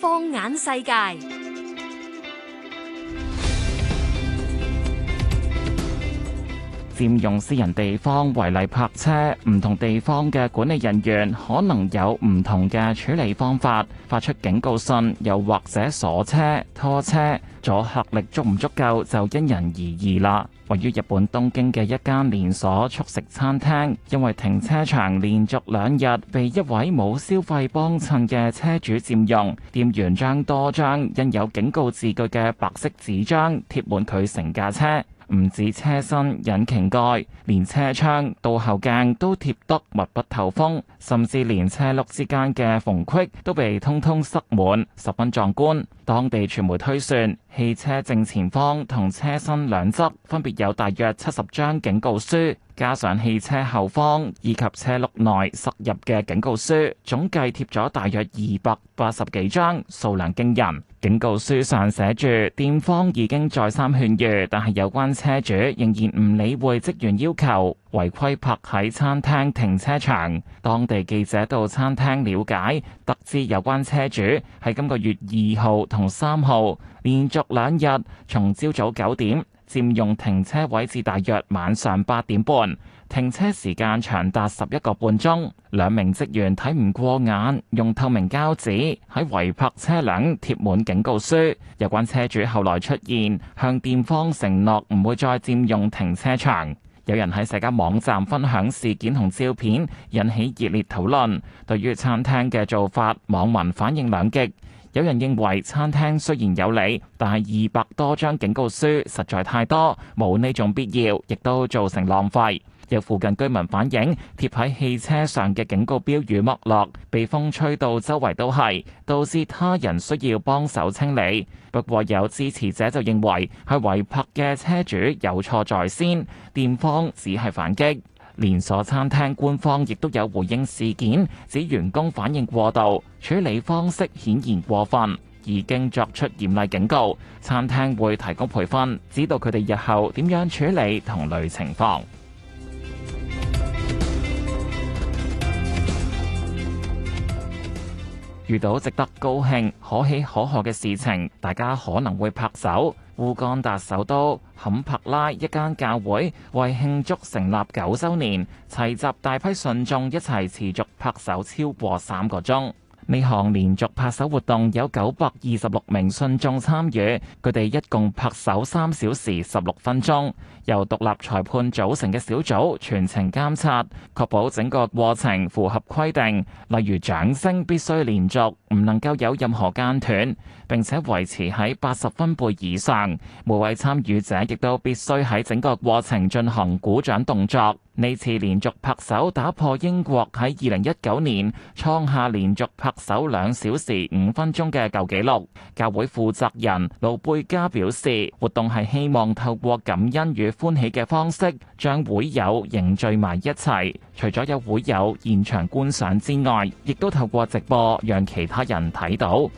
放眼世界。佔用私人地方違例泊車，唔同地方嘅管理人員可能有唔同嘅處理方法，發出警告信，又或者鎖車、拖車，阻嚇力足唔足夠就因人而異啦。位於日本東京嘅一間連鎖速食餐廳，因為停車場連續兩日被一位冇消費幫襯嘅車主佔用，店員將多張印有警告字句嘅白色紙張貼滿佢成架車。唔止車身、引擎蓋連車窗、倒後鏡都貼得密不透風，甚至連車轆之間嘅縫隙都被通通塞滿，十分壯觀，當地傳媒推算，汽車正前方同車身兩側分別有大約七十張警告書，加上汽車後方以及車轆內塞入嘅警告書，總計貼咗大約二百八十幾張，數量驚人。警告書上寫住店方已經再三勸喻，但係有關車主仍然唔理會職員要求。違規泊喺餐廳停車場，當地記者到餐廳了解，得知有關車主喺今個月二號同三號連續兩日從朝早九點佔用停車位至大約晚上八點半，停車時間長達十一個半鐘。兩名職員睇唔過眼，用透明膠紙喺違泊車輛貼滿警告書。有關車主後來出現，向店方承諾唔會再佔用停車場。有人喺社交網站分享事件同照片，引起熱烈討論。對於餐廳嘅做法，網民反應兩極。有人認為餐廳雖然有理，但係二百多張警告書實在太多，冇呢種必要，亦都造成浪費。有附近居民反映，貼喺汽車上嘅警告標語剝落，被風吹到周圍都係，導致他人需要幫手清理。不過有支持者就認為係違泊嘅車主有錯在先，店方只係反擊。連鎖餐廳官方亦都有回應事件，指員工反應過度，處理方式顯然過分，已經作出嚴厲警告，餐廳會提供培訓，指導佢哋日後點樣處理同類情況。遇到值得高興可喜可賀嘅事情，大家可能會拍手。烏干達首都坎帕拉一間教會為慶祝成立九周年，齊集大批信眾一齊持續拍手超過三個鐘。呢項連續拍手活動有九百二十六名信眾參與，佢哋一共拍手三小時十六分鐘。由獨立裁判組成嘅小組全程監察，確保整個過程符合規定，例如掌聲必須連續，唔能夠有任何間斷，並且維持喺八十分貝以上。每位參與者亦都必須喺整個過程進行鼓掌動作。呢次連續拍手打破英國喺二零一九年創下連續拍手兩小時五分鐘嘅舊紀錄。教會負責人盧貝加表示，活動係希望透過感恩與歡喜嘅方式，將會友凝聚埋一齊。除咗有會友現場觀賞之外，亦都透過直播讓其他人睇到。